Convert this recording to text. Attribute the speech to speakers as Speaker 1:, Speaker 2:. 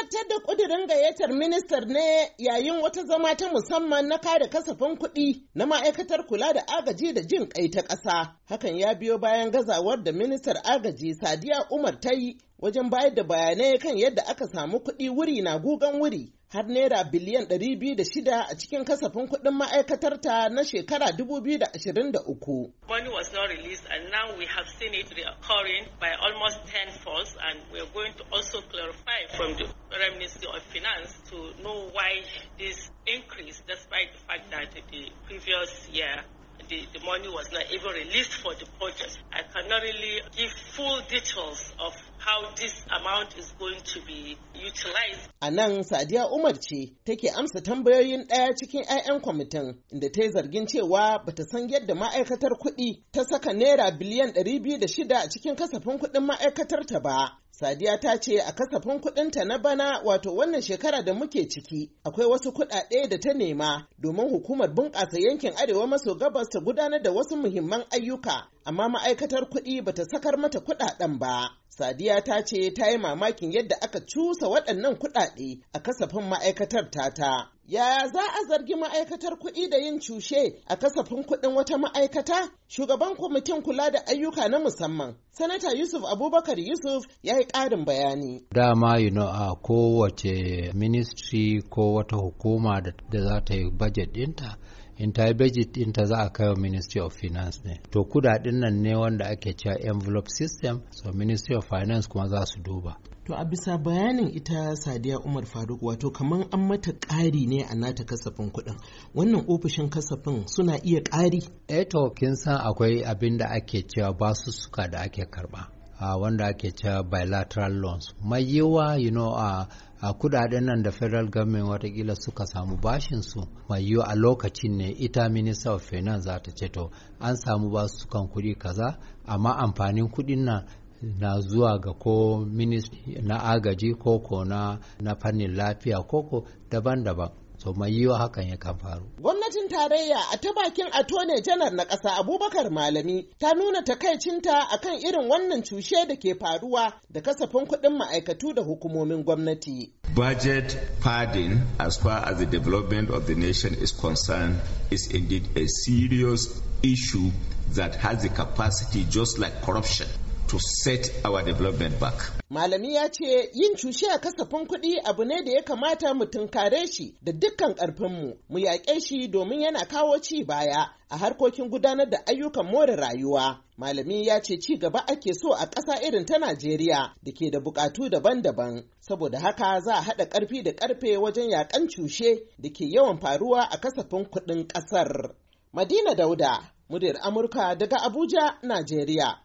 Speaker 1: Zartar da ƙudurin gayyatar ministar ne yayin wata zama ta musamman na kare kasafin kuɗi na ma'aikatar kula da agaji da jin ƙai ta ƙasa. Hakan ya biyo bayan gazawar da ministar agaji Sadiya Umar ta yi wajen bayar da bayanai kan yadda aka samu kuɗi wuri na gugan wuri har naira biliyan 206 a cikin kasafin kuɗin ma'aikatarta na shekara 2023.
Speaker 2: Money was not released and now we have seen it by almost and we going to clarify from the Ministry of Finance to know why this increase, despite the fact that the previous year the, the, money was not even released for the project. I cannot really give full details of how this amount is going to be utilized.
Speaker 1: A nan Sadiya Umar ce take amsa tambayoyin ɗaya cikin 'ya'yan kwamitin inda ta yi zargin cewa bata san yadda ma'aikatar kuɗi ta saka naira biliyan 206 a cikin kasafin kuɗin ma'aikatar ta ba. Sadiya ta ce a kasafin kuɗinta na bana wato wannan shekara da muke ciki akwai wasu kuɗaɗe da ta nema domin hukumar bunƙasa yankin arewa maso gabas ta gudanar da wasu muhimman ayyuka amma ma'aikatar kuɗi bata sakar mata kuɗaɗen ba. Sadiya ta ce ta yi mamakin yadda aka cusa waɗannan kuɗaɗe a kasafin ma'aikatar tata Yaya za a zargi ma'aikatar kuɗi da yin cushe a kasafin kuɗin wata ma'aikata? Shugaban kwamitin kula da ayyuka na musamman, Sanata Yusuf Abubakar Yusuf ya yi ƙarin bayani.
Speaker 3: Dama yi a kowace ministry ko wata hukuma da za ta yi budget ɗinta, in ta yi budget ɗinta za a kai wa Ministry of Finance ne. To kudaden nan ne wanda ake cewa envelope system, so Ministry of Finance kuma za su duba.
Speaker 1: To a bisa bayanin ita Sadiya Umar Faruk wato kamar an mata ƙari ne a nata kasafin kuɗin. Wannan
Speaker 3: ofishin kasafin suna iya ƙari? Eh to kin san akwai abin da ake cewa suka da ake karɓa. Uh, wanda ake cewa bilateral loans mai yiwuwa, you know a uh, uh, kudaden nan da federal government watakila suka samu bashin su mai yiwuwa a lokacin ne ita minister of finance za ta ce to an samu basu sukan kudi kaza amma amfanin kudin nan na zuwa ga ko na agaji koko na na fannin lafiya koko daban-daban so mai yiwa hakan ya kan faru.
Speaker 1: Gwamnatin tarayya a ta bakin atone janar na ƙasa Abubakar Malami ta nuna takaicinta kan irin wannan cushe da ke faruwa da kasafin kuɗin ma'aikatu da hukumomin gwamnati. Budget padding as far as the development of the nation is concerned is indeed a serious issue that has the capacity just like
Speaker 3: corruption to set our development back.
Speaker 1: Malami ya ce yin cushe a kasafin kuɗi abu ne da ya kamata mu tunkare shi da dukkan ƙarfinmu mu yaƙe shi domin yana kawo ci baya a harkokin gudanar da ayyukan more rayuwa. Malami ya ce ci gaba ake so a ƙasa irin ta Najeriya da ke da buƙatu daban-daban. Saboda haka za a haɗa ƙarfi da ƙarfe wajen yaƙan cushe da ke yawan faruwa a kasafin kuɗin ƙasar. Madina Dauda, muryar Amurka daga Abuja, Najeriya.